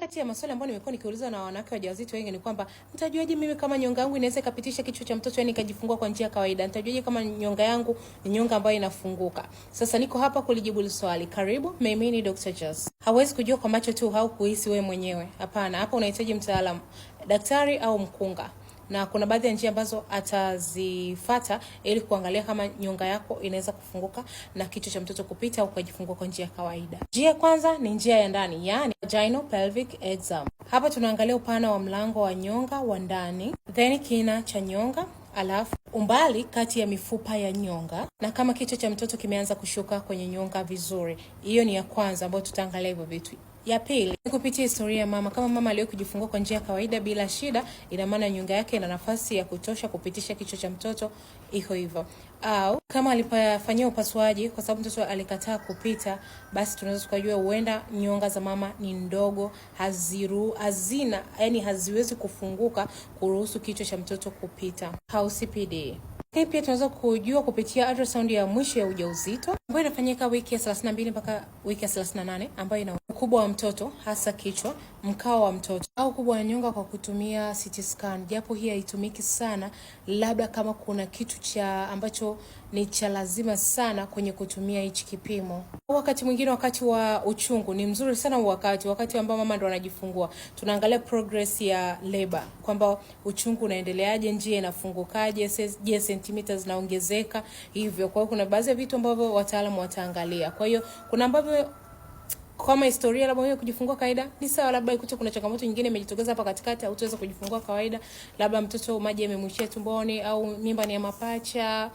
Kati ya maswali ambayo nimekuwa nikiulizwa na wanawake wajawazito wengi ni kwamba nitajuaje mimi kama nyonga yangu inaweza ikapitisha kichwa cha mtoto yani ikajifungua kwa njia ya kawaida? Nitajuaje kama nyonga yangu ni nyonga ambayo inafunguka? Sasa niko hapa kulijibu swali. Karibu, mimi ni Dr. Joss. Hawezi kujua kwa macho tu au kuhisi wewe mwenyewe. Hapana, hapa unahitaji mtaalamu, daktari au mkunga na kuna baadhi ya njia ambazo atazifata ili kuangalia kama nyonga yako inaweza kufunguka na kichwa cha mtoto kupita au kujifungua kwa njia ya kawaida. Njia ya kwanza ni njia ya ndani, yani vaginal pelvic exam. Hapa tunaangalia upana wa mlango wa nyonga wa ndani, then kina cha nyonga alafu umbali kati ya mifupa ya nyonga na kama kichwa cha mtoto kimeanza kushuka kwenye nyonga vizuri. Hiyo ni ya kwanza ambayo tutaangalia hivyo vitu. Ya pili kupitia historia ya mama. Kama mama aliyo kujifungua kwa njia ya kawaida bila shida, ina maana nyonga yake ina nafasi ya kutosha kupitisha kichwa cha mtoto, iko hivyo. Au kama alifanyia upasuaji kwa sababu mtoto alikataa kupita, basi tunaweza tukajua huenda nyonga za mama ni ndogo, haziru hazina, yani haziwezi kufunguka kuruhusu kichwa cha mtoto kupita. au CPD. lakini pia tunaweza kujua kupitia ultrasound ya mwisho ya ujauzito ambayo inafanyika wiki ya 32 mpaka wiki ya 38 ambayo ina Ukubwa wa mtoto hasa kichwa, mkao wa mtoto au ukubwa wa nyonga kwa kutumia CT scan, japo hii haitumiki sana, labda kama kuna kitu cha ambacho ni cha lazima sana kwenye kutumia hichi kipimo. Wakati mwingine, wakati wa uchungu ni mzuri sana, wakati wakati ambao mama ndo anajifungua, tunaangalia progress ya labor kwamba uchungu unaendeleaje, njia inafungukaje, je, sentimita zinaongezeka hivyo. Kwa hiyo kuna baadhi ya vitu ambavyo wataalamu wataangalia. Kwa hiyo kuna ambavyo kama historia labda wewe kujifungua kawaida ni sawa, labda ikute kuna changamoto nyingine imejitokeza hapa katikati, au tuweza kujifungua kawaida, labda mtoto maji yamemwishia tumboni, au mimba ni ya mapacha,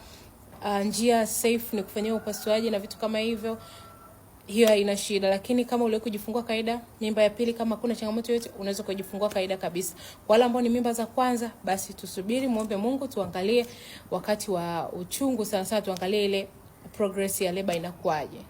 uh, njia safe ni kufanyia upasuaji na vitu kama hivyo, hiyo haina shida. Lakini kama ule kujifungua kawaida, mimba ya pili, kama kuna changamoto yoyote, unaweza kujifungua kawaida kabisa. Kwa wale ambao ni mimba za kwanza, basi tusubiri, muombe Mungu, tuangalie wakati wa uchungu sana sana, tuangalie ile progress ya leba inakuwaje.